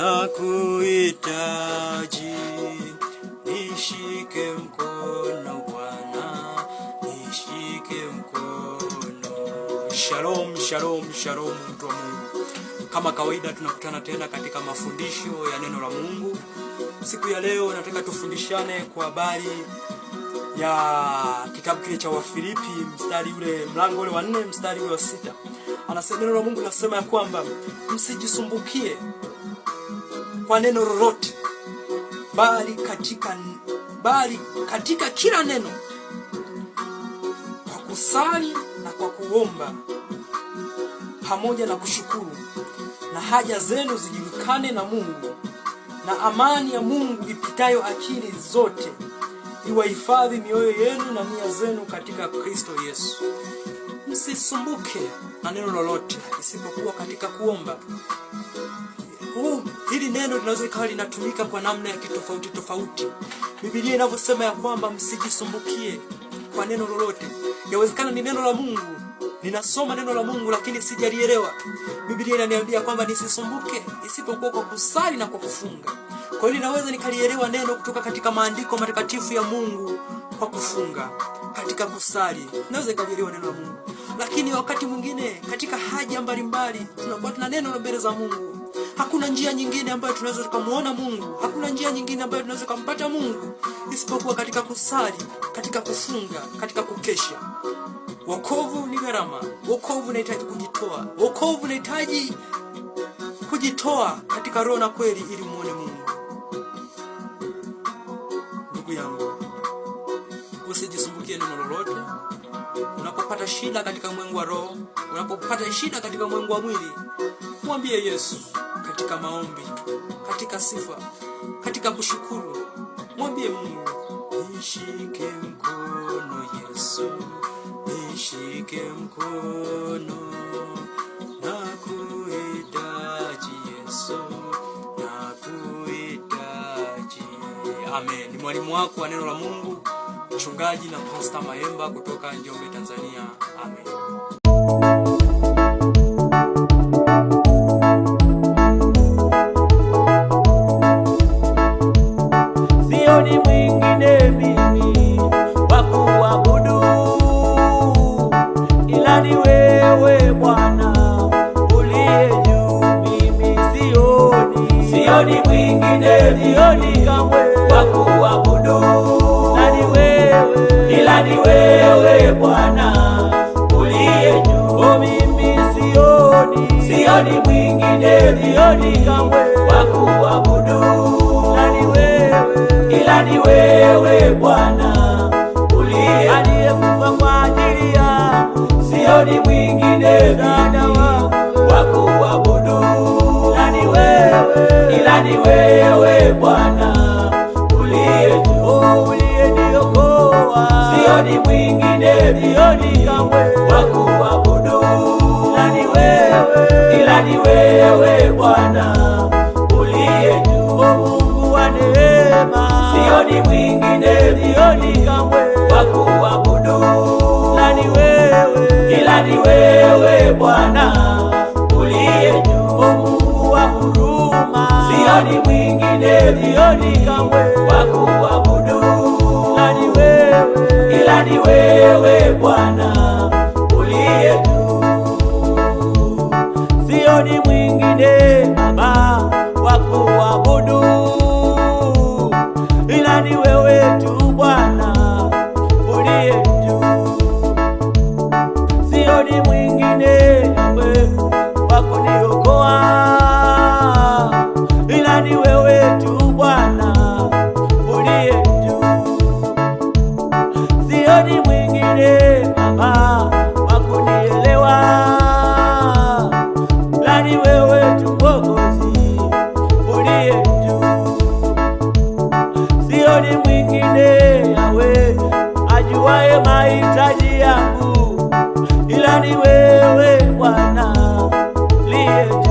Nakuhitaji, nishike mkono Bwana, nishike mkono. Shalom, shalom, shalom mtu wa Mungu. Kama kawaida tunakutana tena katika mafundisho ya neno la Mungu. Siku ya leo nataka tufundishane kwa habari ya kitabu kile cha Wafilipi mstari ule mlango ule wa nne mstari ule wa sita. Anasema neno la Mungu nasema ya kwamba msijisumbukie kwa neno lolote, bali katika, bali katika kila neno kwa kusali na kwa kuomba pamoja na kushukuru, na haja zenu zijulikane na Mungu, na amani ya Mungu ipitayo akili zote iwahifadhi mioyo yenu na nia zenu katika Kristo Yesu. Msisumbuke na neno lolote isipokuwa katika kuomba huu, hili neno linaweza ikawa linatumika kwa namna ya kitofauti tofauti. Biblia inavyosema ya kwamba msijisumbukie kwa neno lolote, yawezekana ni neno la Mungu, ninasoma neno la Mungu lakini sijalielewa. Biblia inaniambia kwamba nisisumbuke isipokuwa kwa kusali na kwa kufunga. Kwa hiyo ninaweza nikalielewa neno kutoka katika maandiko matakatifu ya Mungu kwa kufunga, katika kusali, naweza nikalielewa neno la Mungu, lakini wakati mwingine katika haja mbalimbali tunakuwa tuna neno mbele za Mungu Hakuna njia nyingine ambayo tunaweza tukamuona Mungu, hakuna njia nyingine ambayo tunaweza kumpata Mungu isipokuwa katika kusali, katika kufunga, katika kukesha. Wokovu ni gharama, wokovu unahitaji kujitoa, wokovu unahitaji kujitoa katika roho na kweli, ili muone Mungu. Ndugu yangu, usijisumbukie neno lolote. Unapopata shida katika mwengu wa roho, unapopata shida katika mwengu wa mwili, mwambie Yesu katika maombi, katika sifa, katika kushukuru. Mwambie Mungu, nishike mkono Yesu, nishike mkono, nakuhitaji Yesu, nakuhitaji. Amen. Ni mwalimu wako wa neno la Mungu, mchungaji na Pasta Mayemba kutoka Njombe, Tanzania. Amen. sioni mwingine sioni kamwe wa kuabudu na ni wewe, ila ni wewe Bwana uliye juu. Oh, mimi sioni sioni mwingine sioni kamwe wa kuabudu na ni wewe, ila ni wewe Bwana uliye aliyekufa kwa ajili ya sioni mwingine ni wewe Bwana uliye uliyeniokoa, sio ni mwingine sio ni mioni wa kuabudu, ila ni wewe Bwana uliye Mungu wa neema, sio ni mwingine sio ni mioni wa kuabudu, ila ni wewe Bwana niende dioni kamwe wa wakuabudu ni wewe ila ni wewe Bwana uliye juu, sioni mwingine Baba wakuabudu ujuaye mahitaji yangu, ila ni wewe Bwana liye